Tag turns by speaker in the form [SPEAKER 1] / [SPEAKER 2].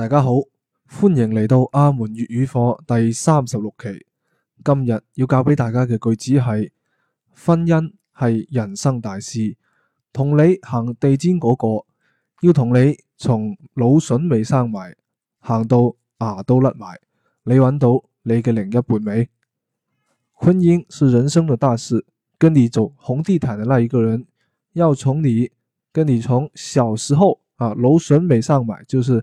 [SPEAKER 1] 大家好，歡迎嚟到阿門粵語課第三十六期。今日要教俾大家嘅句子係：婚姻係人生大事，同你行地氈嗰個，要同你從腦筍未生埋行到牙都甩埋，你搵到你嘅另一半未？婚姻是人生嘅大事，跟你做紅地毯的那一個人，要從你跟你從小時候啊，腦筍未生埋，就是。